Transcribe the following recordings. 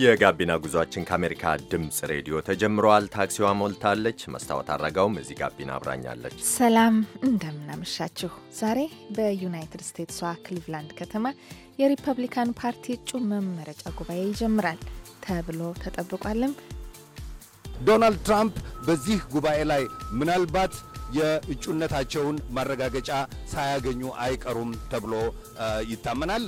የጋቢና ጉዟችን ከአሜሪካ ድምፅ ሬዲዮ ተጀምረዋል። ታክሲዋ ሞልታለች። መስታወት አረጋውም እዚህ ጋቢና አብራኛለች። ሰላም እንደምናመሻችሁ። ዛሬ በዩናይትድ ስቴትስዋ ክሊቭላንድ ከተማ የሪፐብሊካን ፓርቲ እጩ መመረጫ ጉባኤ ይጀምራል ተብሎ ተጠብቋልም። ዶናልድ ትራምፕ በዚህ ጉባኤ ላይ ምናልባት የእጩነታቸውን ማረጋገጫ ሳያገኙ አይቀሩም ተብሎ ይታመናል።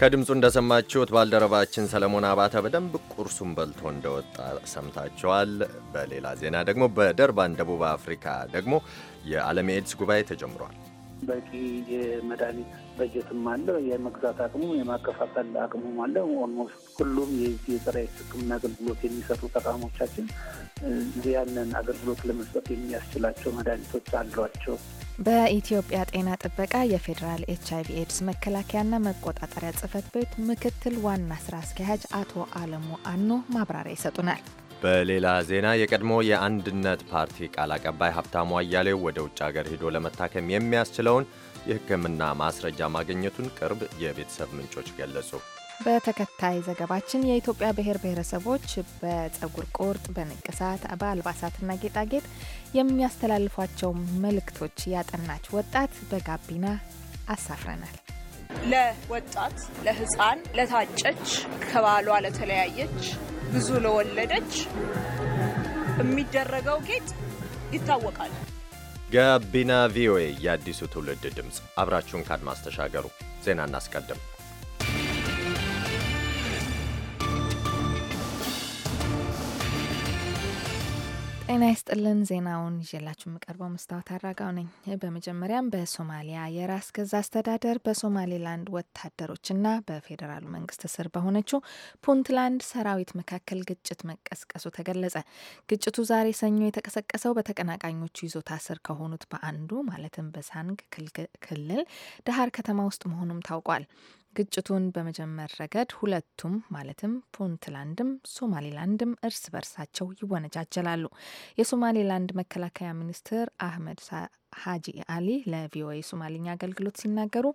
ከድምፁ እንደሰማችሁት ባልደረባችን ሰለሞን አባተ በደንብ ቁርሱን በልቶ እንደወጣ ሰምታችኋል። በሌላ ዜና ደግሞ በደርባን ደቡብ አፍሪካ ደግሞ የዓለም ኤድስ ጉባኤ ተጀምሯል። በቂ የመድኃኒት በጀትም አለ፣ የመግዛት አቅሙ የማከፋፈል አቅሙም አለ። ኦልሞስት ሁሉም የዚህ የጸረ ሕክምና አገልግሎት የሚሰጡ ተቋሞቻችን ያንን አገልግሎት ለመስጠት የሚያስችላቸው መድኃኒቶች አሏቸው። በኢትዮጵያ ጤና ጥበቃ የፌዴራል ኤች አይቪ ኤድስ መከላከያና መቆጣጠሪያ ጽህፈት ቤት ምክትል ዋና ስራ አስኪያጅ አቶ አለሙ አኖ ማብራሪያ ይሰጡናል። በሌላ ዜና የቀድሞ የአንድነት ፓርቲ ቃል አቀባይ ሀብታሙ አያሌው ወደ ውጭ ሀገር ሄዶ ለመታከም የሚያስችለውን የሕክምና ማስረጃ ማግኘቱን ቅርብ የቤተሰብ ምንጮች ገለጹ። በተከታይ ዘገባችን የኢትዮጵያ ብሔር ብሔረሰቦች በጸጉር ቁርጥ፣ በንቅሳት፣ በአልባሳትና ጌጣጌጥ የሚያስተላልፏቸው መልእክቶች ያጠናች ወጣት በጋቢና አሳፍረናል። ለወጣት ለህፃን፣ ለታጨች፣ ከባሏ ለተለያየች፣ ብዙ ለወለደች የሚደረገው ጌጥ ይታወቃል። ጋቢና ቪኦኤ የአዲሱ ትውልድ ድምፅ፣ አብራችሁን ካድማስ ተሻገሩ። ዜና እናስቀድም። ጤና ይስጥልን ዜናውን ይዤላችሁ የምቀርበው መስታወት አራጋው ነኝ። በመጀመሪያም በሶማሊያ የራስ ገዛ አስተዳደር በሶማሌላንድ ወታደሮችና በፌዴራሉ መንግስት ስር በሆነችው ፑንትላንድ ሰራዊት መካከል ግጭት መቀስቀሱ ተገለጸ። ግጭቱ ዛሬ ሰኞ የተቀሰቀሰው በተቀናቃኞቹ ይዞታ ስር ከሆኑት በአንዱ ማለትም በሳንግ ክልል ዳሃር ከተማ ውስጥ መሆኑም ታውቋል። ግጭቱን በመጀመር ረገድ ሁለቱም ማለትም ፑንትላንድም ሶማሌላንድም እርስ በርሳቸው ይወነጃጀላሉ። የሶማሌላንድ መከላከያ ሚኒስትር አህመድ ሀጂ አሊ ለቪኦኤ ሶማሊኛ አገልግሎት ሲናገሩ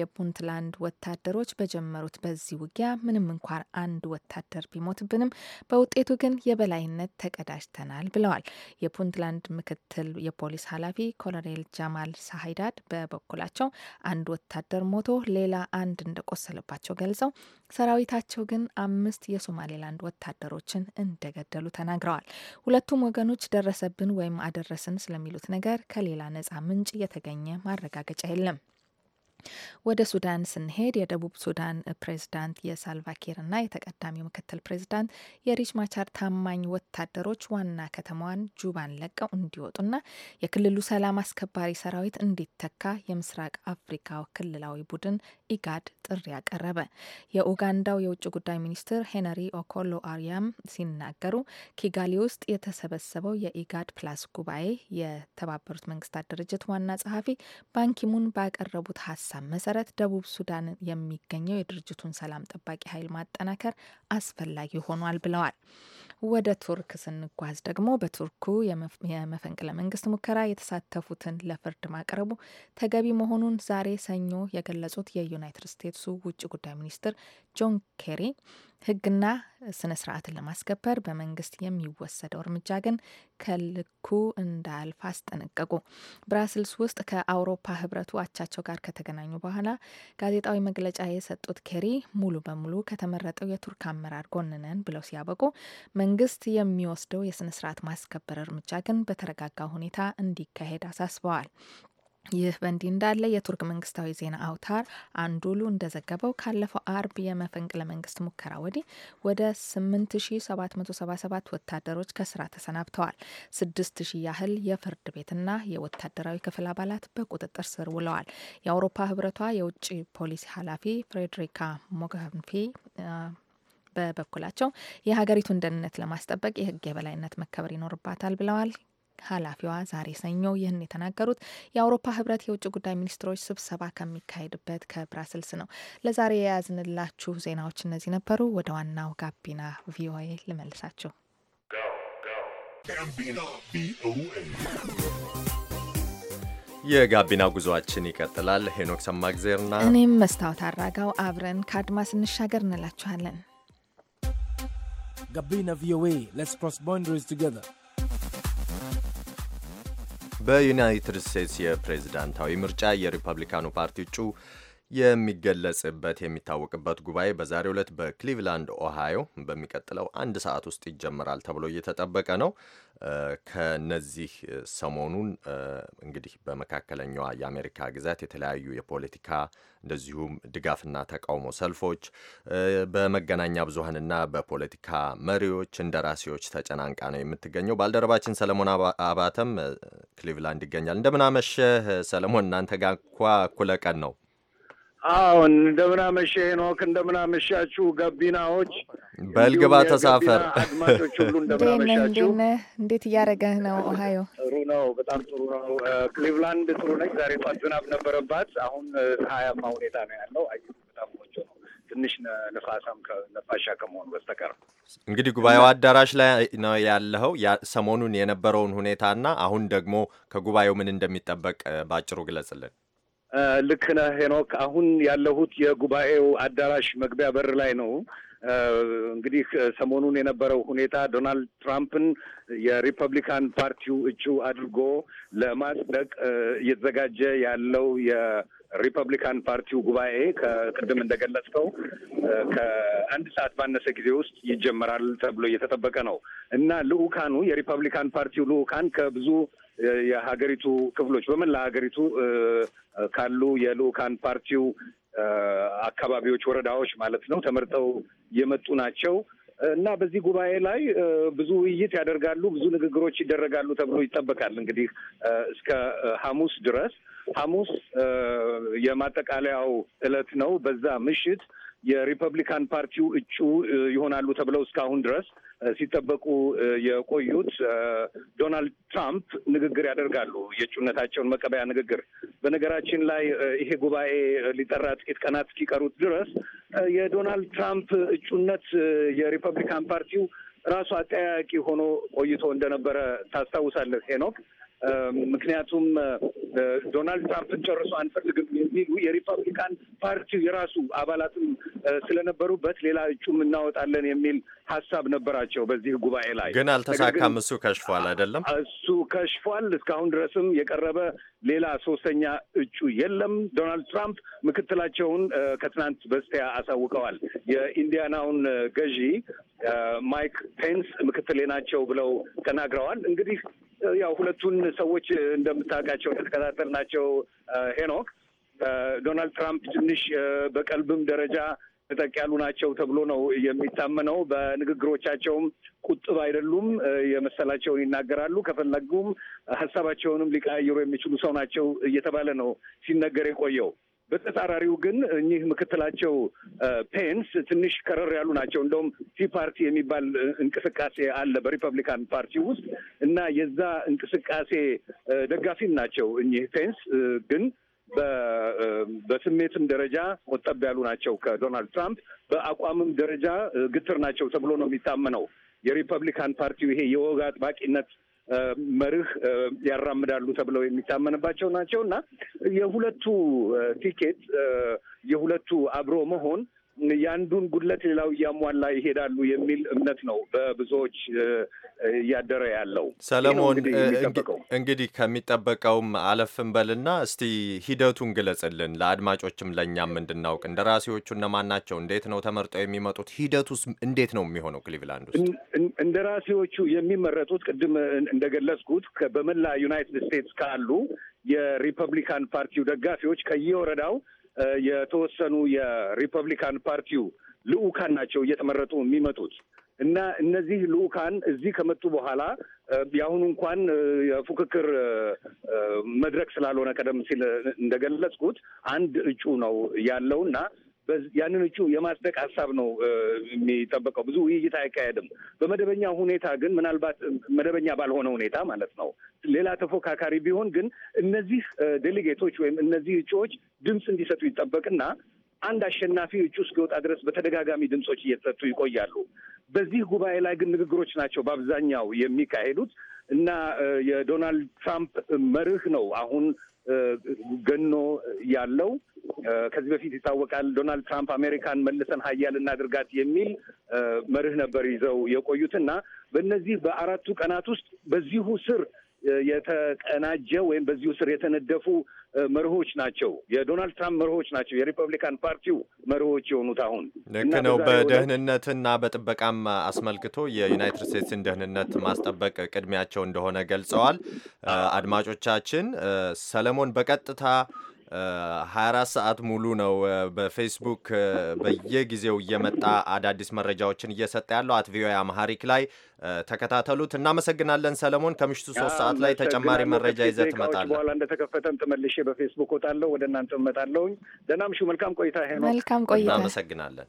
የፑንትላንድ ወታደሮች በጀመሩት በዚህ ውጊያ ምንም እንኳን አንድ ወታደር ቢሞትብንም በውጤቱ ግን የበላይነት ተቀዳጅተናል ብለዋል። የፑንትላንድ ምክትል የፖሊስ ኃላፊ ኮሎኔል ጃማል ሳሂዳድ በበኩላቸው አንድ ወታደር ሞቶ ሌላ አንድ እንደቆሰለባቸው ገልጸው ሰራዊታቸው ግን አምስት የሶማሌላንድ ወታደሮችን እንደገደሉ ተናግረዋል። ሁለቱም ወገኖች ደረሰብን ወይም አደረስን ስለሚሉት ነገር ከሌላ ነጻ ምንጭ የተገኘ ማረጋገጫ የለም። ወደ ሱዳን ስንሄድ የደቡብ ሱዳን ፕሬዝዳንት እና የተቀዳሚው ምክትል ፕሬዝዳንት የሪች ማቻር ታማኝ ወታደሮች ዋና ከተማዋን ጁባን ለቀው እንዲወጡና የክልሉ ሰላም አስከባሪ ሰራዊት እንዲተካ የምስራቅ አፍሪካ ክልላዊ ቡድን ኢጋድ ጥሪ አቀረበ። የኡጋንዳው የውጭ ጉዳይ ሚኒስትር ሄነሪ ኦኮሎ አሪያም ሲናገሩ ኪጋሊ ውስጥ የተሰበሰበው የኢጋድ ፕላስ ጉባኤ የተባበሩት መንግስታት ድርጅት ዋና ጸሐፊ ባንኪሙን ባቀረቡት ሀሳብ ሀሳብ መሰረት ደቡብ ሱዳን የሚገኘው የድርጅቱን ሰላም ጠባቂ ኃይል ማጠናከር አስፈላጊ ሆኗል ብለዋል። ወደ ቱርክ ስንጓዝ ደግሞ በቱርኩ የመፈንቅለ መንግስት ሙከራ የተሳተፉትን ለፍርድ ማቅረቡ ተገቢ መሆኑን ዛሬ ሰኞ የገለጹት የዩናይትድ ስቴትሱ ውጭ ጉዳይ ሚኒስትር ጆን ኬሪ ህግና ስነ ስርዓትን ለማስከበር በመንግስት የሚወሰደው እርምጃ ግን ከልኩ እንዳያልፍ አስጠነቀቁ። ብራስልስ ውስጥ ከአውሮፓ ህብረቱ አቻቸው ጋር ከተገናኙ በኋላ ጋዜጣዊ መግለጫ የሰጡት ኬሪ ሙሉ በሙሉ ከተመረጠው የቱርክ አመራር ጎንነን ብለው ሲያበቁ መንግስት የሚወስደው የስነ ስርዓት ማስከበር እርምጃ ግን በተረጋጋ ሁኔታ እንዲካሄድ አሳስበዋል። ይህ በእንዲህ እንዳለ የቱርክ መንግስታዊ ዜና አውታር አንዱሉ እንደዘገበው ካለፈው አርብ የመፈንቅለ መንግስት ሙከራ ወዲህ ወደ 8777 ወታደሮች ከስራ ተሰናብተዋል። 6000 ያህል የፍርድ ቤትና የወታደራዊ ክፍል አባላት በቁጥጥር ስር ውለዋል። የአውሮፓ ህብረቷ የውጭ ፖሊሲ ኃላፊ ፍሬድሪካ ሞገንፊ በበኩላቸው የሀገሪቱን ደህንነት ለማስጠበቅ የህግ የበላይነት መከበር ይኖርባታል ብለዋል። ኃላፊዋ ዛሬ ሰኞ ይህን የተናገሩት የአውሮፓ ህብረት የውጭ ጉዳይ ሚኒስትሮች ስብሰባ ከሚካሄድበት ከብራስልስ ነው። ለዛሬ የያዝንላችሁ ዜናዎች እነዚህ ነበሩ። ወደ ዋናው ጋቢና ቪኦኤ ልመልሳችሁ። የጋቢና ጉዞአችን ይቀጥላል። ሄኖክ ሰማግዜርና እኔም መስታወት አራጋው አብረን ከአድማስ እንሻገር እንላችኋለን። ጋቢና ቪኦኤ ሌትስ ክሮስ ቦንደሪስ ቱጌዘር በዩናይትድ ስቴትስ የፕሬዝዳንታዊ ምርጫ የሪፐብሊካኑ ፓርቲ እጩ የሚገለጽበት የሚታወቅበት ጉባኤ በዛሬው ዕለት በክሊቭላንድ ኦሃዮ በሚቀጥለው አንድ ሰዓት ውስጥ ይጀምራል ተብሎ እየተጠበቀ ነው። ከነዚህ ሰሞኑን እንግዲህ በመካከለኛዋ የአሜሪካ ግዛት የተለያዩ የፖለቲካ እንደዚሁም ድጋፍና ተቃውሞ ሰልፎች በመገናኛ ብዙሀንና በፖለቲካ መሪዎች፣ እንደራሴዎች ተጨናንቃ ነው የምትገኘው። ባልደረባችን ሰለሞን አባተም ክሊቭላንድ ይገኛል። እንደምናመሸህ ሰለሞን፣ እናንተ ጋር እንኳ እኩለ ቀን ነው። አሁን እንደምናመሸ ሄኖክ፣ እንደምናመሻችሁ ገቢናዎች፣ በልግባ ተሳፈር እንዴት እያደረገህ ነው? ኦሃዮ ጥሩ ነው፣ በጣም ጥሩ ነው። ክሊቭላንድ ጥሩ ነች። ዛሬ ጧት ዝናብ ነበረባት። አሁን ፀሐያማ ሁኔታ ነው ያለው። አየሩ በጣም ቆንጆ ነው። ትንሽ ነፋሳም ነፋሻ ከመሆኑ በስተቀር እንግዲህ ጉባኤው አዳራሽ ላይ ነው ያለኸው። ሰሞኑን የነበረውን ሁኔታና አሁን ደግሞ ከጉባኤው ምን እንደሚጠበቅ በአጭሩ ግለጽልን። ልክ ነህ ሄኖክ። አሁን ያለሁት የጉባኤው አዳራሽ መግቢያ በር ላይ ነው። እንግዲህ ሰሞኑን የነበረው ሁኔታ ዶናልድ ትራምፕን የሪፐብሊካን ፓርቲው እጩ አድርጎ ለማጽደቅ እየተዘጋጀ ያለው የሪፐብሊካን ፓርቲው ጉባኤ ከቅድም እንደገለጽከው ከአንድ ሰዓት ባነሰ ጊዜ ውስጥ ይጀመራል ተብሎ እየተጠበቀ ነው እና ልዑካኑ የሪፐብሊካን ፓርቲው ልዑካን ከብዙ የሀገሪቱ ክፍሎች በመላ ሀገሪቱ ካሉ የልኡካን ፓርቲው አካባቢዎች፣ ወረዳዎች ማለት ነው ተመርጠው የመጡ ናቸው እና በዚህ ጉባኤ ላይ ብዙ ውይይት ያደርጋሉ፣ ብዙ ንግግሮች ይደረጋሉ ተብሎ ይጠበቃል። እንግዲህ እስከ ሐሙስ ድረስ ሐሙስ የማጠቃለያው ዕለት ነው። በዛ ምሽት የሪፐብሊካን ፓርቲው እጩ ይሆናሉ ተብለው እስካሁን ድረስ ሲጠበቁ የቆዩት ዶናልድ ትራምፕ ንግግር ያደርጋሉ። የእጩነታቸውን መቀበያ ንግግር። በነገራችን ላይ ይሄ ጉባኤ ሊጠራ ጥቂት ቀናት እስኪቀሩት ድረስ የዶናልድ ትራምፕ እጩነት የሪፐብሊካን ፓርቲው ራሱ አጠያቂ ሆኖ ቆይቶ እንደነበረ ታስታውሳለህ ሄኖክ። ምክንያቱም ዶናልድ ትራምፕን ጨርሶ አንፈልግም የሚሉ የሪፐብሊካን ፓርቲ የራሱ አባላትም ስለነበሩበት ሌላ እጩም እናወጣለን የሚል ሀሳብ ነበራቸው። በዚህ ጉባኤ ላይ ግን አልተሳካም። እሱ ከሽፏል አይደለም? እሱ ከሽፏል። እስካሁን ድረስም የቀረበ ሌላ ሶስተኛ እጩ የለም። ዶናልድ ትራምፕ ምክትላቸውን ከትናንት በስቲያ አሳውቀዋል። የኢንዲያናውን ገዢ ማይክ ፔንስ ምክትሌ ናቸው ብለው ተናግረዋል። እንግዲህ ያው ሁለቱን ሰዎች እንደምታውቃቸው የተከታተል ናቸው። ሄኖክ ዶናልድ ትራምፕ ትንሽ በቀልብም ደረጃ ተጠቅ ያሉ ናቸው ተብሎ ነው የሚታመነው። በንግግሮቻቸውም ቁጥብ አይደሉም፣ የመሰላቸውን ይናገራሉ። ከፈለጉም ሀሳባቸውንም ሊቀያየሩ የሚችሉ ሰው ናቸው እየተባለ ነው ሲነገር የቆየው። በተጻራሪው ግን እኚህ ምክትላቸው ፔንስ ትንሽ ከረር ያሉ ናቸው። እንደውም ቲ ፓርቲ የሚባል እንቅስቃሴ አለ በሪፐብሊካን ፓርቲ ውስጥ እና የዛ እንቅስቃሴ ደጋፊም ናቸው። እኚህ ፔንስ ግን በስሜትም ደረጃ ቆጠብ ያሉ ናቸው ከዶናልድ ትራምፕ፣ በአቋምም ደረጃ ግትር ናቸው ተብሎ ነው የሚታመነው። የሪፐብሊካን ፓርቲው ይሄ የወግ አጥባቂነት መርህ ያራምዳሉ ተብለው የሚታመንባቸው ናቸው እና የሁለቱ ቲኬት የሁለቱ አብሮ መሆን የአንዱን ጉድለት ሌላው እያሟላ ይሄዳሉ የሚል እምነት ነው በብዙዎች እያደረ ያለው። ሰለሞን እንግዲህ ከሚጠበቀውም አለፍን በልና እስቲ ሂደቱን ግለጽልን ለአድማጮችም ለእኛም እንድናውቅ። እንደራሴዎቹ እነማን ናቸው? እንዴት ነው ተመርጠው የሚመጡት? ሂደቱስ እንዴት ነው የሚሆነው? ክሊቭላንድ ውስጥ እንደራሴዎቹ የሚመረጡት ቅድም እንደገለጽኩት በመላ ዩናይትድ ስቴትስ ካሉ የሪፐብሊካን ፓርቲው ደጋፊዎች ከየወረዳው የተወሰኑ የሪፐብሊካን ፓርቲው ልዑካን ናቸው እየተመረጡ የሚመጡት እና እነዚህ ልዑካን እዚህ ከመጡ በኋላ የአሁኑ እንኳን የፉክክር መድረክ ስላልሆነ ቀደም ሲል እንደገለጽኩት አንድ እጩ ነው ያለውና ያንን እጩ የማጽደቅ ሀሳብ ነው የሚጠበቀው። ብዙ ውይይት አይካሄድም። በመደበኛ ሁኔታ ግን ምናልባት መደበኛ ባልሆነ ሁኔታ ማለት ነው ሌላ ተፎካካሪ ቢሆን ግን እነዚህ ዴሌጌቶች ወይም እነዚህ እጩዎች ድምፅ እንዲሰጡ ይጠበቅና አንድ አሸናፊ እጩ እስኪወጣ ድረስ በተደጋጋሚ ድምፆች እየተሰጡ ይቆያሉ። በዚህ ጉባኤ ላይ ግን ንግግሮች ናቸው በአብዛኛው የሚካሄዱት እና የዶናልድ ትራምፕ መርህ ነው አሁን ገኖ ያለው ከዚህ በፊት ይታወቃል ዶናልድ ትራምፕ አሜሪካን መልሰን ሀያል እናድርጋት የሚል መርህ ነበር ይዘው የቆዩት እና በእነዚህ በአራቱ ቀናት ውስጥ በዚሁ ስር የተቀናጀ ወይም በዚሁ ስር የተነደፉ መርሆች ናቸው። የዶናልድ ትራምፕ መርሆች ናቸው። የሪፐብሊካን ፓርቲው መርሆች የሆኑት አሁን ልክ ነው። በደህንነትና በጥበቃም አስመልክቶ የዩናይትድ ስቴትስን ደህንነት ማስጠበቅ ቅድሚያቸው እንደሆነ ገልጸዋል። አድማጮቻችን ሰለሞን በቀጥታ 24 ሰዓት ሙሉ ነው በፌስቡክ በየጊዜው እየመጣ አዳዲስ መረጃዎችን እየሰጠ ያለው አት ቪኦኤ አማሃሪክ ላይ ተከታተሉት። እናመሰግናለን ሰለሞን። ከምሽቱ ሶስት ሰዓት ላይ ተጨማሪ መረጃ ይዘህ ትመጣለህ። በኋላ እንደተከፈተም ተመልሼ በፌስቡክ ወጣለሁ፣ ወደ እናንተ እመጣለሁኝ። ደህና ምሹ። መልካም ቆይታ። መልካም ቆይታ። እናመሰግናለን።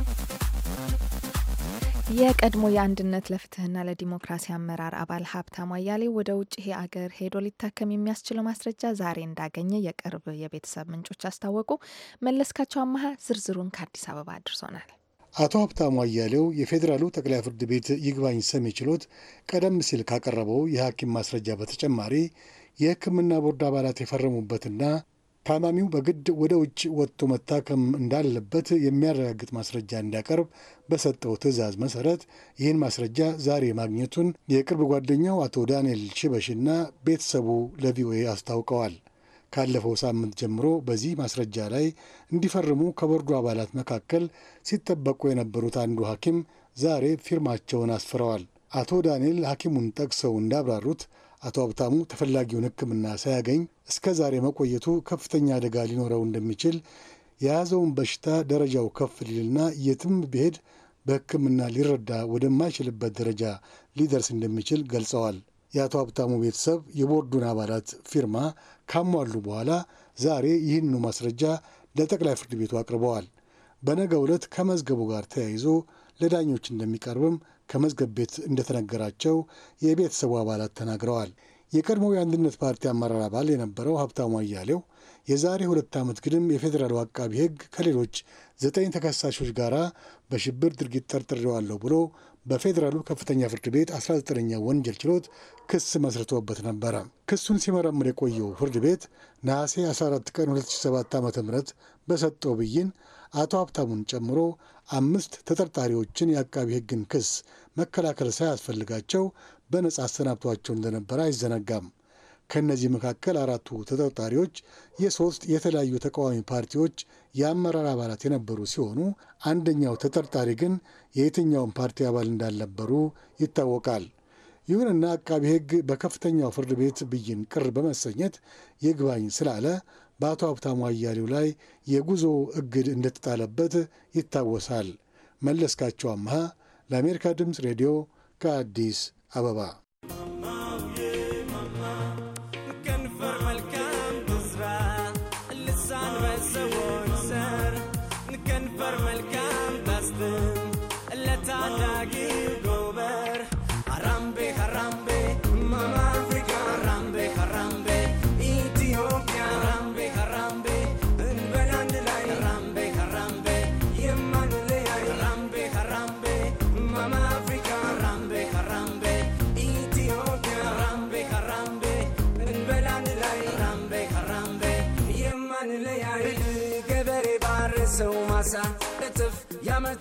የቀድሞ የአንድነት ለፍትህና ለዲሞክራሲ አመራር አባል ሀብታሙ አያሌው ወደ ውጭ ሀገር ሄዶ ሊታከም የሚያስችለው ማስረጃ ዛሬ እንዳገኘ የቅርብ የቤተሰብ ምንጮች አስታወቁ። መለስካቸው አመሀ ዝርዝሩን ከአዲስ አበባ አድርሶናል። አቶ ሀብታሙ አያሌው የፌዴራሉ ጠቅላይ ፍርድ ቤት ይግባኝ ሰሚ ችሎት ቀደም ሲል ካቀረበው የሐኪም ማስረጃ በተጨማሪ የሕክምና ቦርድ አባላት የፈረሙበትና ታማሚው በግድ ወደ ውጭ ወጥቶ መታከም እንዳለበት የሚያረጋግጥ ማስረጃ እንዲያቀርብ በሰጠው ትዕዛዝ መሰረት ይህን ማስረጃ ዛሬ ማግኘቱን የቅርብ ጓደኛው አቶ ዳንኤል ሽበሽና ቤተሰቡ ለቪኦኤ አስታውቀዋል። ካለፈው ሳምንት ጀምሮ በዚህ ማስረጃ ላይ እንዲፈርሙ ከቦርዱ አባላት መካከል ሲጠበቁ የነበሩት አንዱ ሐኪም ዛሬ ፊርማቸውን አስፍረዋል። አቶ ዳንኤል ሐኪሙን ጠቅሰው እንዳብራሩት አቶ ሀብታሙ ተፈላጊውን ሕክምና ሳያገኝ እስከ ዛሬ መቆየቱ ከፍተኛ አደጋ ሊኖረው እንደሚችል የያዘውን በሽታ ደረጃው ከፍ ሊልና የትም ብሄድ በሕክምና ሊረዳ ወደማይችልበት ደረጃ ሊደርስ እንደሚችል ገልጸዋል። የአቶ ሀብታሙ ቤተሰብ የቦርዱን አባላት ፊርማ ካሟሉ በኋላ ዛሬ ይህንኑ ማስረጃ ለጠቅላይ ፍርድ ቤቱ አቅርበዋል። በነገ ዕለት ከመዝገቡ ጋር ተያይዞ ለዳኞች እንደሚቀርብም ከመዝገብ ቤት እንደተነገራቸው የቤተሰቡ አባላት ተናግረዋል። የቀድሞው የአንድነት ፓርቲ አመራር አባል የነበረው ሀብታሙ አያሌው የዛሬ ሁለት ዓመት ግድም የፌዴራሉ አቃቢ ሕግ ከሌሎች ዘጠኝ ተከሳሾች ጋር በሽብር ድርጊት ጠርጥሬዋለሁ ብሎ በፌዴራሉ ከፍተኛ ፍርድ ቤት 19ኛ ወንጀል ችሎት ክስ መስርቶበት ነበረ። ክሱን ሲመረምር የቆየው ፍርድ ቤት ነሐሴ 14 ቀን 2007 ዓ ም በሰጠው ብይን አቶ ሀብታሙን ጨምሮ አምስት ተጠርጣሪዎችን የአቃቢ ሕግን ክስ መከላከል ሳያስፈልጋቸው በነጻ አሰናብቷቸው እንደነበረ አይዘነጋም። ከእነዚህ መካከል አራቱ ተጠርጣሪዎች የሶስት የተለያዩ ተቃዋሚ ፓርቲዎች የአመራር አባላት የነበሩ ሲሆኑ አንደኛው ተጠርጣሪ ግን የየትኛውን ፓርቲ አባል እንዳልነበሩ ይታወቃል። ይሁንና አቃቢ ሕግ በከፍተኛው ፍርድ ቤት ብይን ቅር በመሰኘት ይግባኝ ስላለ በአቶ ሀብታሙ አያሌው ላይ የጉዞ እግድ እንደተጣለበት ይታወሳል። መለስካቸው አምሃ ለአሜሪካ ድምፅ ሬዲዮ ከአዲስ አበባ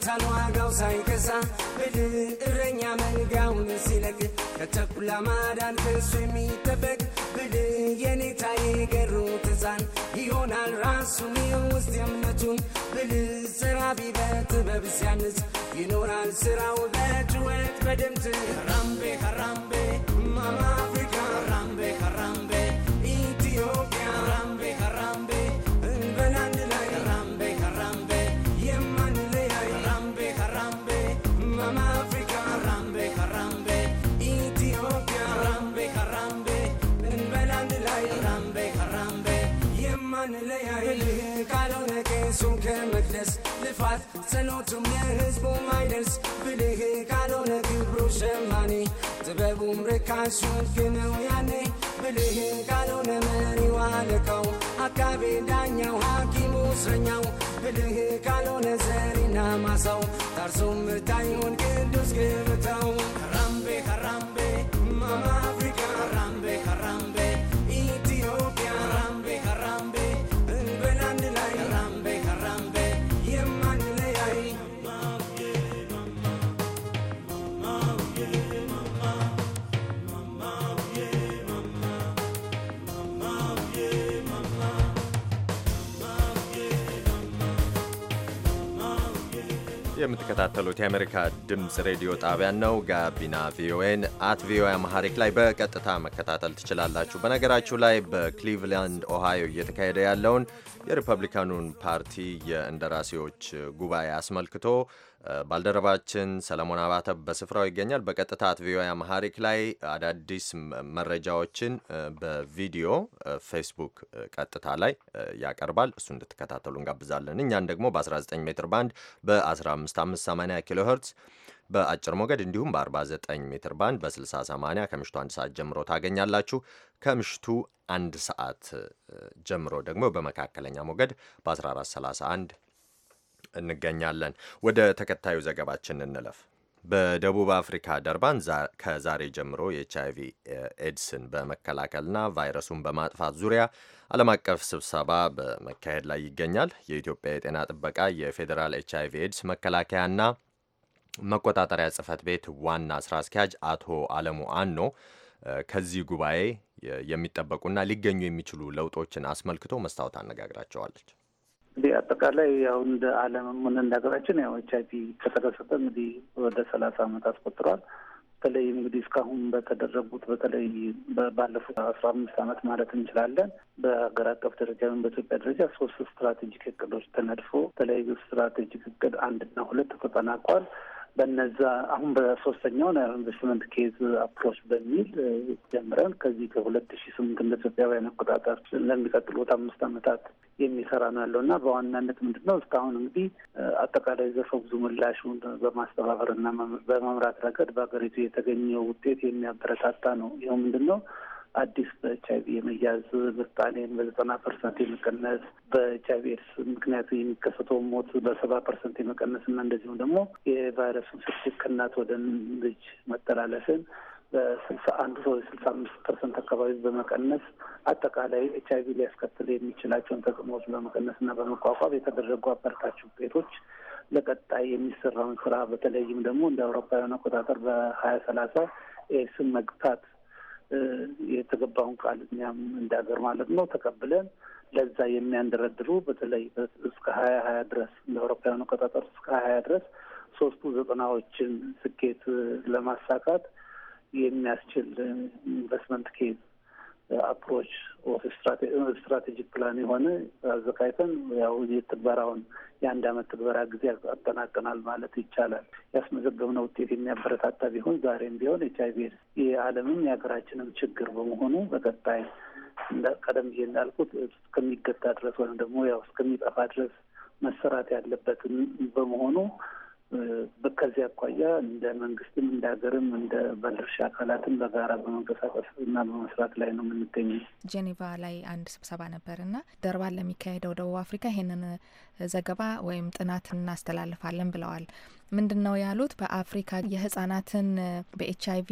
ገብታል ዋጋው ሳይከሳ ብልህ እረኛ መንጋውን ሲለቅ ከቸኩላ ማዳን ከሱ የሚጠበቅ ብልህ የኔታ የገሩት ሕፃን ይሆናል ራሱን ውስጥ የእምነቱን ብልህ ሰራቢ በጥበብ ሲያንጽ ይኖራል ስራው በጩኸት በድምፅ ሀራምቤ ሀራምቤ ሲወድነው ያኔ ብልህ ካልሆነ መሪው አለቃው አካቤ ዳኛው ሐኪሙ እስረኛው ብልህ ካልሆነ ዘሪና ማሳው ዳርሶ ምርታ ይሆን ቅዱስ ግብታ የምትከታተሉት የአሜሪካ ድምፅ ሬዲዮ ጣቢያን ነው። ጋቢና ቪኦኤን አት ቪኦኤ አማሐሪክ ላይ በቀጥታ መከታተል ትችላላችሁ። በነገራችሁ ላይ በክሊቭላንድ ኦሃዮ እየተካሄደ ያለውን የሪፐብሊካኑን ፓርቲ የእንደራሴዎች ጉባኤ አስመልክቶ ባልደረባችን ሰለሞን አባተ በስፍራው ይገኛል። በቀጥታ አት ቪኦኤ አማሃሪክ ላይ አዳዲስ መረጃዎችን በቪዲዮ ፌስቡክ ቀጥታ ላይ ያቀርባል። እሱ እንድትከታተሉ እንጋብዛለን። እኛን ደግሞ በ19 ሜትር ባንድ በ1558 ኪሎ ሄርትስ በአጭር ሞገድ እንዲሁም በ49 ሜትር ባንድ በ6080 ከምሽቱ አንድ ሰዓት ጀምሮ ታገኛላችሁ። ከምሽቱ አንድ ሰዓት ጀምሮ ደግሞ በመካከለኛ ሞገድ በ1431 እንገኛለን። ወደ ተከታዩ ዘገባችን እንለፍ። በደቡብ አፍሪካ ደርባን ከዛሬ ጀምሮ የኤች አይቪ ኤድስን በመከላከልና ቫይረሱን በማጥፋት ዙሪያ ዓለም አቀፍ ስብሰባ በመካሄድ ላይ ይገኛል። የኢትዮጵያ የጤና ጥበቃ የፌዴራል ኤች አይቪ ኤድስ መከላከያና መቆጣጠሪያ ጽህፈት ቤት ዋና ስራ አስኪያጅ አቶ አለሙ አኖ ከዚህ ጉባኤ የሚጠበቁና ሊገኙ የሚችሉ ለውጦችን አስመልክቶ መስታወት አነጋግራቸዋለች። እንግዲህ አጠቃላይ ያው እንደ ዓለምም ሆነ እንደ ሀገራችን ያው ኤች አይ ቪ ከተከሰተ እንግዲህ ወደ ሰላሳ ዓመት አስቆጥሯል። በተለይ እንግዲህ እስካሁን በተደረጉት በተለይ ባለፉት አስራ አምስት ዓመት ማለት እንችላለን በሀገር አቀፍ ደረጃ ወይም በኢትዮጵያ ደረጃ ሶስት ስትራቴጂክ እቅዶች ተነድፎ በተለይ ስትራቴጂክ እቅድ አንድና ሁለት ተጠናቋል። በነዛ አሁን በሶስተኛው ኢንቨስትመንት ኬዝ አፕሮች በሚል ጀምረን ከዚህ ከሁለት ሺ ስምንት እንደ ኢትዮጵያውያን አቆጣጠር ለሚቀጥሉት አምስት ዓመታት የሚሰራ ነው ያለው እና በዋናነት ምንድን ነው እስካሁን እንግዲህ አጠቃላይ ዘርፈ ብዙ ምላሹን በማስተባበር እና በመምራት ረገድ በሀገሪቱ የተገኘው ውጤት የሚያበረታታ ነው። ይኸው ምንድን ነው አዲስ በኤች አይቪ የመያዝ ምጣኔን በዘጠና ፐርሰንት የመቀነስ በኤች አይቪ ኤድስ ምክንያት የሚከሰተው ሞት በሰባ ፐርሰንት የመቀነስ እና እንደዚሁም ደግሞ የቫይረሱን ስርጭት ከእናት ወደ ልጅ መተላለፍን በስልሳ አንድ ሰው ስልሳ አምስት ፐርሰንት አካባቢ በመቀነስ አጠቃላይ ኤች አይቪ ሊያስከትል የሚችላቸውን ተጽዕኖዎች በመቀነስ እና በመቋቋም የተደረጉ አበረታች ውጤቶች ለቀጣይ የሚሰራውን ስራ በተለይም ደግሞ እንደ አውሮፓውያን አቆጣጠር በሀያ ሰላሳ ኤድስን መግታት የተገባውን ቃል እኛም እንዳገር ማለት ነው ተቀብለን ለዛ የሚያንደረድሩ በተለይ እስከ ሀያ ሀያ ድረስ እንደ አውሮፓውያኑ አቆጣጠር እስከ ሀያ ድረስ ሶስቱ ዘጠናዎችን ስኬት ለማሳካት የሚያስችል ኢንቨስትመንት ኬዝ አፕሮች ኦፍ ስትራቴጂክ ፕላን የሆነ አዘጋጅተን ያው የትግበራውን የአንድ አመት ትግበራ ጊዜ አጠናቀናል ማለት ይቻላል። ያስመዘገብነው ውጤት የሚያበረታታ ቢሆን ዛሬም ቢሆን ኤች አይቪ የዓለምም የሀገራችንም ችግር በመሆኑ በቀጣይ ቀደም ብዬ እንዳልኩት እስከሚገታ ድረስ ወይም ደግሞ ያው እስከሚጠፋ ድረስ መሰራት ያለበትን በመሆኑ ከዚህ አኳያ እንደ መንግስትም እንደ ሀገርም እንደ ባለድርሻ አካላትም በጋራ በመንቀሳቀስ እና በመስራት ላይ ነው የምንገኘው። ጄኔቫ ላይ አንድ ስብሰባ ነበር እና ደርባን ለሚካሄደው ደቡብ አፍሪካ ይሄንን ዘገባ ወይም ጥናት እናስተላልፋለን ብለዋል። ምንድን ነው ያሉት? በአፍሪካ የህጻናትን በኤች አይቪ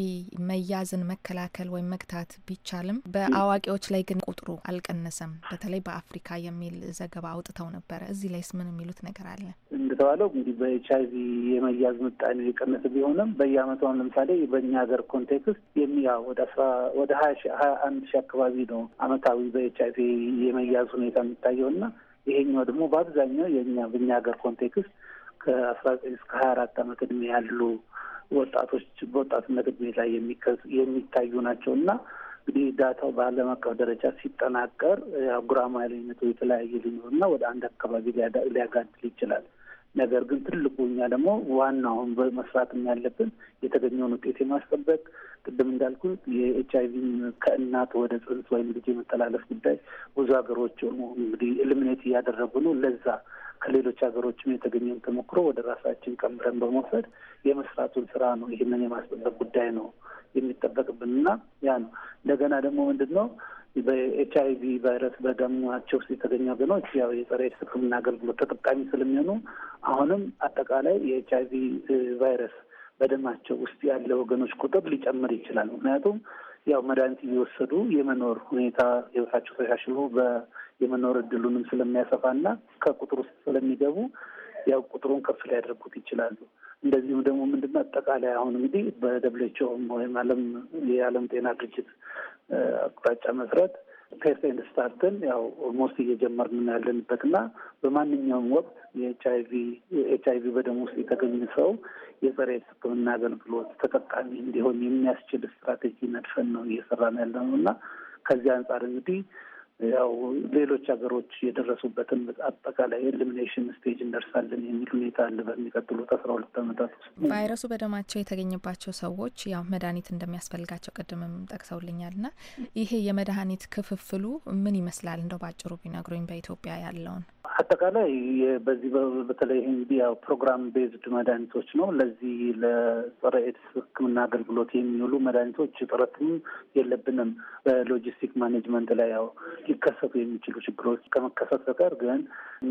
መያዝን መከላከል ወይም መግታት ቢቻልም በአዋቂዎች ላይ ግን ቁጥሩ አልቀነሰም፣ በተለይ በአፍሪካ የሚል ዘገባ አውጥተው ነበረ። እዚህ ላይስ ምን የሚሉት ነገር አለ? እንደተባለው እንግዲህ በኤች አይቪ የመያዝ ምጣኔ የቀነሰ ቢሆንም በየአመቱ አሁን ለምሳሌ በእኛ ሀገር ኮንቴክስት የሚያ ወደ አስራ ወደ ሀያ አንድ ሺህ አካባቢ ነው አመታዊ በኤች አይቪ የመያዝ ሁኔታ የሚታየው እና ይሄኛው ደግሞ በአብዛኛው የኛ በእኛ ሀገር ኮንቴክስት ከአስራ ዘጠኝ እስከ ሀያ አራት አመት እድሜ ያሉ ወጣቶች በወጣትነት እድሜ ላይ የሚታዩ ናቸው እና እንግዲህ ዳታው በዓለም አቀፍ ደረጃ ሲጠናቀር ጉራማይሌነቱ የተለያየ ሊኖር እና ወደ አንድ አካባቢ ሊያጋድል ይችላል። ነገር ግን ትልቁ እኛ ደግሞ ዋናውን በመስራት ያለብን የተገኘውን ውጤት የማስጠበቅ ቅድም እንዳልኩት የኤች አይቪ ከእናት ወደ ጽንስ ወይም ልጅ የመተላለፍ ጉዳይ ብዙ ሀገሮች እንግዲህ ኤልሚኔት እያደረጉ ነው። ለዛ ከሌሎች ሀገሮችም የተገኘውን ተሞክሮ ወደ ራሳችን ቀምረን በመውሰድ የመስራቱን ስራ ነው ይህንን የማስጠበቅ ጉዳይ ነው የሚጠበቅብንና ያ ነው። እንደገና ደግሞ ምንድን ነው በኤች አይ ቪ ቫይረስ በደማቸው ውስጥ የተገኙ ወገኖች ያው የጸረ ኤድስ ሕክምና አገልግሎት ተጠቃሚ ስለሚሆኑ አሁንም አጠቃላይ የኤች አይ ቪ ቫይረስ በደማቸው ውስጥ ያለ ወገኖች ቁጥር ሊጨምር ይችላል። ምክንያቱም ያው መድኃኒት እየወሰዱ የመኖር ሁኔታ ህይወታቸው ተሻሽሎ በ የመኖር እድሉንም ስለሚያሰፋና ከቁጥር ውስጥ ስለሚገቡ ያው ቁጥሩን ከፍ ሊያደርጉት ይችላሉ። እንደዚሁም ደግሞ ምንድነው አጠቃላይ አሁን እንግዲህ በደብሌችም ወይም ዓለም የዓለም ጤና ድርጅት አቅጣጫ መሰረት ቴስት ኤንድ ስታርትን ያው ኦልሞስት እየጀመርን ያለንበት ያለንበትና በማንኛውም ወቅት የኤች አይ ቪ በደም ውስጥ የተገኘ ሰው የጸረ ኤድስ ሕክምና አገልግሎት ተጠቃሚ እንዲሆን የሚያስችል ስትራቴጂ ነድፈን ነው እየሰራ ነው ያለነው እና ከዚህ አንጻር እንግዲህ ያው ሌሎች ሀገሮች የደረሱበትን አጠቃላይ ኤሊሚኔሽን ስቴጅ እንደርሳለን የሚል ሁኔታ አለ። በሚቀጥሉት አስራ ሁለት ዓመታት ውስጥ ቫይረሱ በደማቸው የተገኘባቸው ሰዎች ያው መድኃኒት እንደሚያስፈልጋቸው ቅድምም ጠቅሰውልኛል ና ይሄ የመድኃኒት ክፍፍሉ ምን ይመስላል? እንደው ባጭሩ ቢነግሩኝ በኢትዮጵያ ያለውን አጠቃላይ በዚህ በተለይ እንግዲህ ያው ፕሮግራም ቤዝድ መድኃኒቶች ነው። ለዚህ ለጸረ ኤድስ ሕክምና አገልግሎት የሚውሉ መድኃኒቶች እጥረትም የለብንም። በሎጂስቲክ ማኔጅመንት ላይ ያው ሊከሰቱ የሚችሉ ችግሮች ከመከሰት በቀር ግን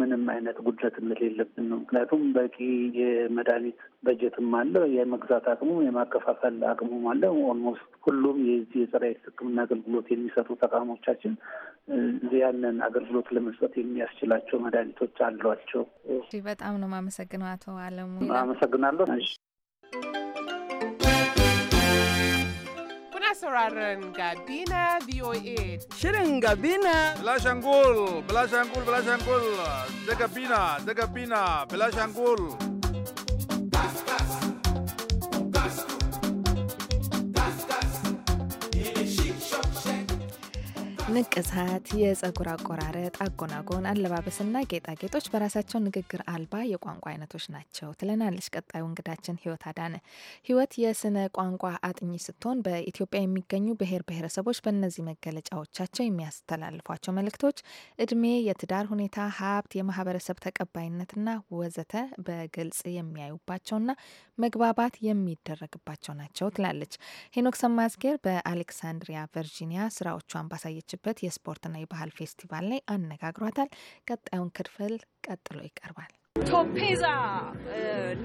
ምንም አይነት ጉድለት የለብን ነው። ምክንያቱም በቂ የመድኃኒት በጀትም አለ፣ የመግዛት አቅሙ የማከፋፈል አቅሙም አለ። ኦልሞስት ሁሉም የዚህ የጸረ ኤድስ ሕክምና አገልግሎት የሚሰጡ ተቋሞቻችን ያንን አገልግሎት ለመስጠት የሚያስችላቸው መድኃኒቶች አሏቸው። በጣም ነው ማመሰግነው አቶ አለሙ አመሰግናለሁ። sauraron Gabina VOA. Shirin Gabina. Bilashangul, Bilashangul, Bilashangul. Da Gabina, da Gabina, Bilashangul. ንቅሳት፣ የፀጉር አቆራረጥ፣ አጎናጎን፣ አለባበስና ጌጣጌጦች በራሳቸው ንግግር አልባ የቋንቋ አይነቶች ናቸው ትለናለች ቀጣዩ እንግዳችን ህይወት አዳነ። ህይወት የስነ ቋንቋ አጥኚ ስትሆን በኢትዮጵያ የሚገኙ ብሔር ብሔረሰቦች በእነዚህ መገለጫዎቻቸው የሚያስተላልፏቸው መልእክቶች እድሜ፣ የትዳር ሁኔታ፣ ሀብት፣ የማህበረሰብ ተቀባይነትና ወዘተ በግልጽ የሚያዩባቸውና መግባባት የሚደረግባቸው ናቸው ትላለች። ሄኖክ ሰማዝጌር በአሌክሳንድሪያ ቨርጂኒያ ስራዎቿን ባሳየች በተዘጋጀበት የስፖርትና የባህል ፌስቲቫል ላይ አነጋግሯታል። ቀጣዩን ክፍል ቀጥሎ ይቀርባል። ቶፔዛ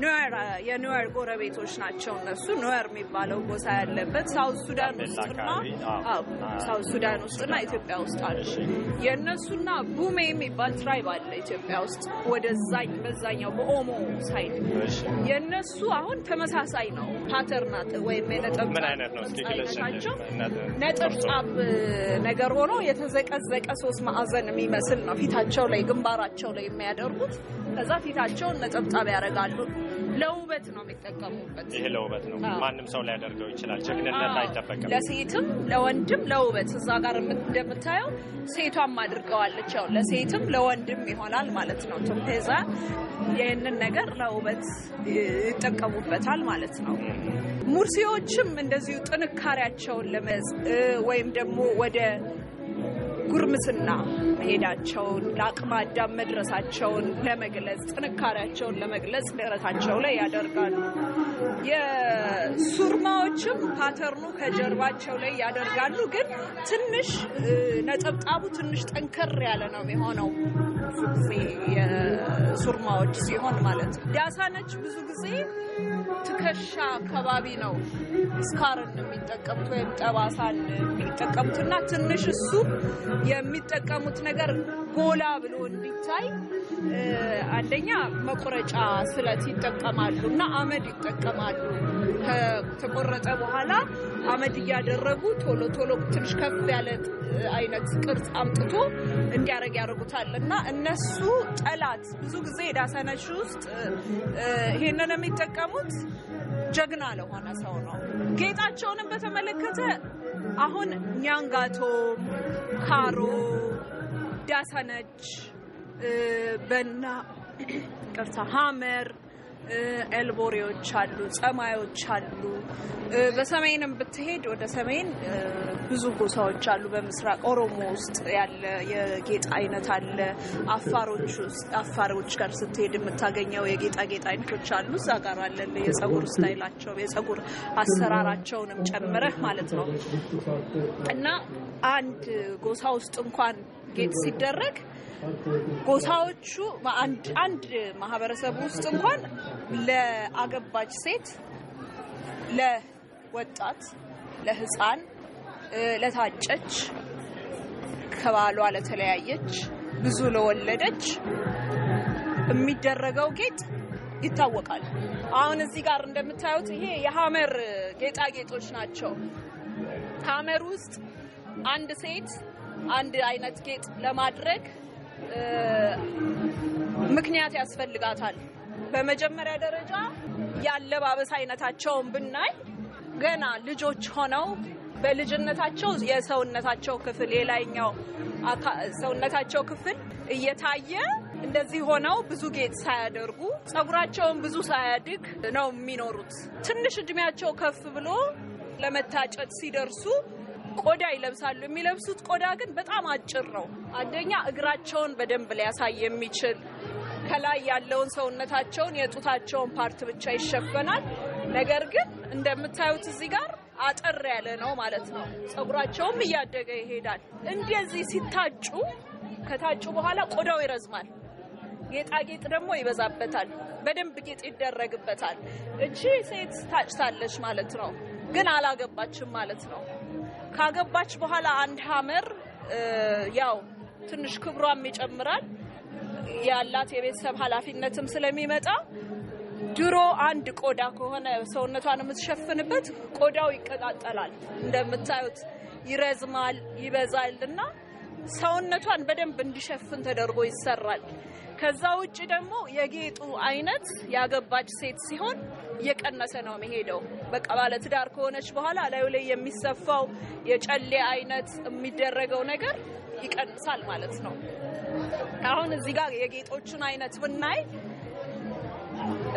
ኑዌር የኑዌር ጎረቤቶች ናቸው እነሱ። ኑዌር የሚባለው ጎሳ ያለበት ሳውት ሱዳን ውስጥና ሳውት ሱዳን ውስጥና ኢትዮጵያ ውስጥ አሉ። የእነሱና ቡሜ የሚባል ትራይብ አለ ኢትዮጵያ ውስጥ ወደዛኝ በዛኛው በኦሞ ሳይድ የእነሱ አሁን ተመሳሳይ ነው። ፓተርና ወይም የነጠብ ናቸው። ነገር ሆኖ የተዘቀዘቀ ሶስት ማዕዘን የሚመስል ነው ፊታቸው ላይ ግንባራቸው ላይ የሚያደርጉት ከዛ ፊታቸውን ነጠብጣብ ያደርጋሉ። ለውበት ነው የሚጠቀሙበት። ይሄ ለውበት ነው፣ ማንም ሰው ሊያደርገው ይችላል። ጀግንነት አይጠበቅም። ለሴትም ለወንድም ለውበት እዛ ጋር እንደምታየው ሴቷም አድርገዋለች። ያው ለሴትም ለወንድም ይሆናል ማለት ነው። ትምቴዛ ይህንን ነገር ለውበት ይጠቀሙበታል ማለት ነው። ሙርሲዎችም እንደዚሁ ጥንካሬያቸውን ለመዝ ወይም ደግሞ ወደ ጉርምስና መሄዳቸውን ለአቅመ አዳም መድረሳቸውን ለመግለጽ ጥንካሬያቸውን ለመግለጽ ደረታቸው ላይ ያደርጋሉ። የሱርማዎችም ፓተርኑ ከጀርባቸው ላይ ያደርጋሉ። ግን ትንሽ ነጠብጣቡ ትንሽ ጠንከር ያለ ነው የሚሆነው ብዙ ጊዜ የሱርማዎች ሲሆን ማለት ነው። ዳሳነች ብዙ ጊዜ ትከሻ አካባቢ ነው ስካርን የሚጠቀሙት ወይም ጠባሳን የሚጠቀሙትና ትንሽ እሱ የሚጠቀሙት ነገር ጎላ ብሎ እንዲታይ አንደኛ መቁረጫ ስለት ይጠቀማሉ እና አመድ ይጠቀማሉ። ከተቆረጠ በኋላ አመድ እያደረጉ ቶሎ ቶሎ ትንሽ ከፍ ያለ አይነት ቅርጽ አምጥቶ እንዲያደርግ ያደርጉታል እና እነሱ ጠላት ብዙ ጊዜ ዳሰነች ውስጥ ይሄንን የሚጠቀሙት ጀግና ለሆነ ሰው ነው። ጌጣቸውንም በተመለከተ አሁን ኛንጋቶ፣ ካሮ፣ ዳሳነች በና ቅርሳ ሀመር ኤልቦሬዎች አሉ፣ ጸማዮች አሉ። በሰሜንም ብትሄድ ወደ ሰሜን ብዙ ጎሳዎች አሉ። በምስራቅ ኦሮሞ ውስጥ ያለ የጌጥ አይነት አለ። አፋሮች ውስጥ አፋሮች ጋር ስትሄድ የምታገኘው የጌጣጌጥ አይነቶች አሉ። እዛ ጋር አለን የጸጉር ስታይላቸው የጸጉር አሰራራቸውንም ጨምረህ ማለት ነው እና አንድ ጎሳ ውስጥ እንኳን ጌጥ ሲደረግ ጎሳዎቹ አንድ ማህበረሰብ ውስጥ እንኳን ለአገባች ሴት፣ ለወጣት፣ ለህፃን፣ ለታጨች፣ ከባሏ ለተለያየች፣ ብዙ ለወለደች የሚደረገው ጌጥ ይታወቃል። አሁን እዚህ ጋር እንደምታዩት ይሄ የሀመር ጌጣጌጦች ናቸው። ሀመር ውስጥ አንድ ሴት አንድ አይነት ጌጥ ለማድረግ ምክንያት ያስፈልጋታል። በመጀመሪያ ደረጃ የአለባበስ አይነታቸውን ብናይ ገና ልጆች ሆነው በልጅነታቸው የሰውነታቸው ክፍል የላይኛው ሰውነታቸው ክፍል እየታየ እንደዚህ ሆነው ብዙ ጌጥ ሳያደርጉ ጸጉራቸውን ብዙ ሳያድግ ነው የሚኖሩት። ትንሽ እድሜያቸው ከፍ ብሎ ለመታጨት ሲደርሱ ቆዳ ይለብሳሉ። የሚለብሱት ቆዳ ግን በጣም አጭር ነው። አንደኛ እግራቸውን በደንብ ሊያሳይ የሚችል ከላይ ያለውን ሰውነታቸውን የጡታቸውን ፓርት ብቻ ይሸፈናል። ነገር ግን እንደምታዩት እዚህ ጋር አጠር ያለ ነው ማለት ነው። ጸጉራቸውም እያደገ ይሄዳል። እንደዚህ ሲታጩ ከታጩ በኋላ ቆዳው ይረዝማል። ጌጣጌጥ ደግሞ ይበዛበታል። በደንብ ጌጥ ይደረግበታል። እቺ ሴት ታጭታለች ማለት ነው፣ ግን አላገባችም ማለት ነው። ካገባች በኋላ አንድ ሀመር ያው ትንሽ ክብሯም ይጨምራል ያላት የቤተሰብ ኃላፊነትም ስለሚመጣ ድሮ አንድ ቆዳ ከሆነ ሰውነቷን የምትሸፍንበት ቆዳው ይቀጣጠላል፣ እንደምታዩት ይረዝማል፣ ይበዛል እና ሰውነቷን በደንብ እንዲሸፍን ተደርጎ ይሰራል። ከዛ ውጭ ደግሞ የጌጡ አይነት ያገባች ሴት ሲሆን እየቀነሰ ነው የሚሄደው። በቃ ባለ ትዳር ከሆነች በኋላ ላዩ ላይ የሚሰፋው የጨሌ አይነት የሚደረገው ነገር ይቀንሳል ማለት ነው። አሁን እዚህ ጋር የጌጦቹን አይነት ብናይ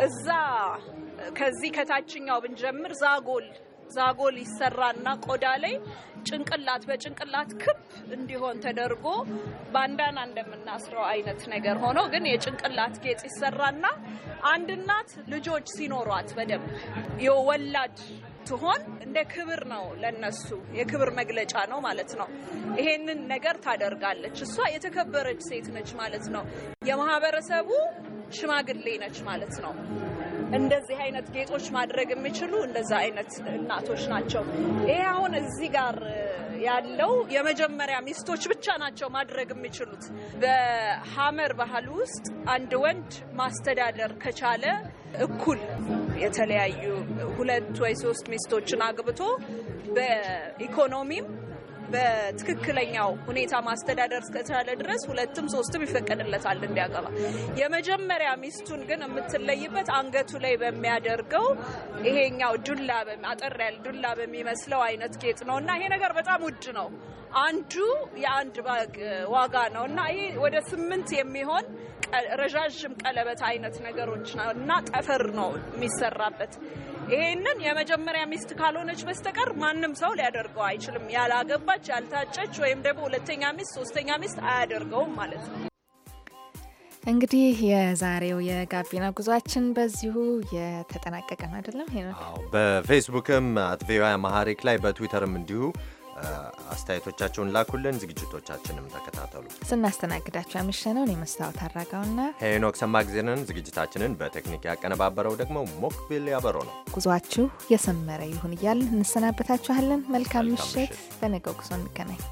እዛ ከዚህ ከታችኛው ብንጀምር ዛጎል ዛጎል ይሰራና ቆዳ ላይ ጭንቅላት በጭንቅላት ክብ እንዲሆን ተደርጎ ባንዳና እንደምናስረው አይነት ነገር ሆኖ ግን የጭንቅላት ጌጥ ይሰራና አንድ እናት ልጆች ሲኖሯት በደንብ የወላድ ስትሆን እንደ ክብር ነው ለነሱ የክብር መግለጫ ነው ማለት ነው። ይሄንን ነገር ታደርጋለች። እሷ የተከበረች ሴት ነች ማለት ነው። የማህበረሰቡ ሽማግሌ ነች ማለት ነው። እንደዚህ አይነት ጌጦች ማድረግ የሚችሉ እንደዛ አይነት እናቶች ናቸው። ይሄ አሁን እዚህ ጋር ያለው የመጀመሪያ ሚስቶች ብቻ ናቸው ማድረግ የሚችሉት። በሀመር ባህል ውስጥ አንድ ወንድ ማስተዳደር ከቻለ እኩል የተለያዩ ሁለት ወይ ሶስት ሚስቶችን አግብቶ በኢኮኖሚም በትክክለኛው ሁኔታ ማስተዳደር እስከቻለ ድረስ ሁለትም ሶስትም ይፈቀድለታል እንዲያገባ። የመጀመሪያ ሚስቱን ግን የምትለይበት አንገቱ ላይ በሚያደርገው ይሄኛው ዱላ አጠር ያለ ዱላ በሚመስለው አይነት ጌጥ ነው እና ይሄ ነገር በጣም ውድ ነው። አንዱ የአንድ ባግ ዋጋ ነው እና ይሄ ወደ ስምንት የሚሆን ረዣዥም ቀለበት አይነት ነገሮች እና ጠፈር ነው የሚሰራበት ይሄንን የመጀመሪያ ሚስት ካልሆነች በስተቀር ማንም ሰው ሊያደርገው አይችልም። ያላገባች፣ ያልታጨች ወይም ደግሞ ሁለተኛ ሚስት፣ ሶስተኛ ሚስት አያደርገውም ማለት ነው። እንግዲህ የዛሬው የጋቢና ጉዟችን በዚሁ የተጠናቀቀ ነው አይደለም? በፌስቡክም አት ማሀሪክ ላይ በትዊተርም እንዲሁ አስተያየቶቻችሁን ላኩልን። ዝግጅቶቻችንም ተከታተሉ። ስናስተናግዳቸው ያመሸነውን የመስታወት አድራጋውና ሄኖክ ሰማግዜንን፣ ዝግጅታችንን በቴክኒክ ያቀነባበረው ደግሞ ሞክቢል ያበሮ ነው። ጉዟችሁ የሰመረ ይሁን እያልን እንሰናበታችኋለን። መልካም ምሽት። በነገው ጉዞ እንገናኝ።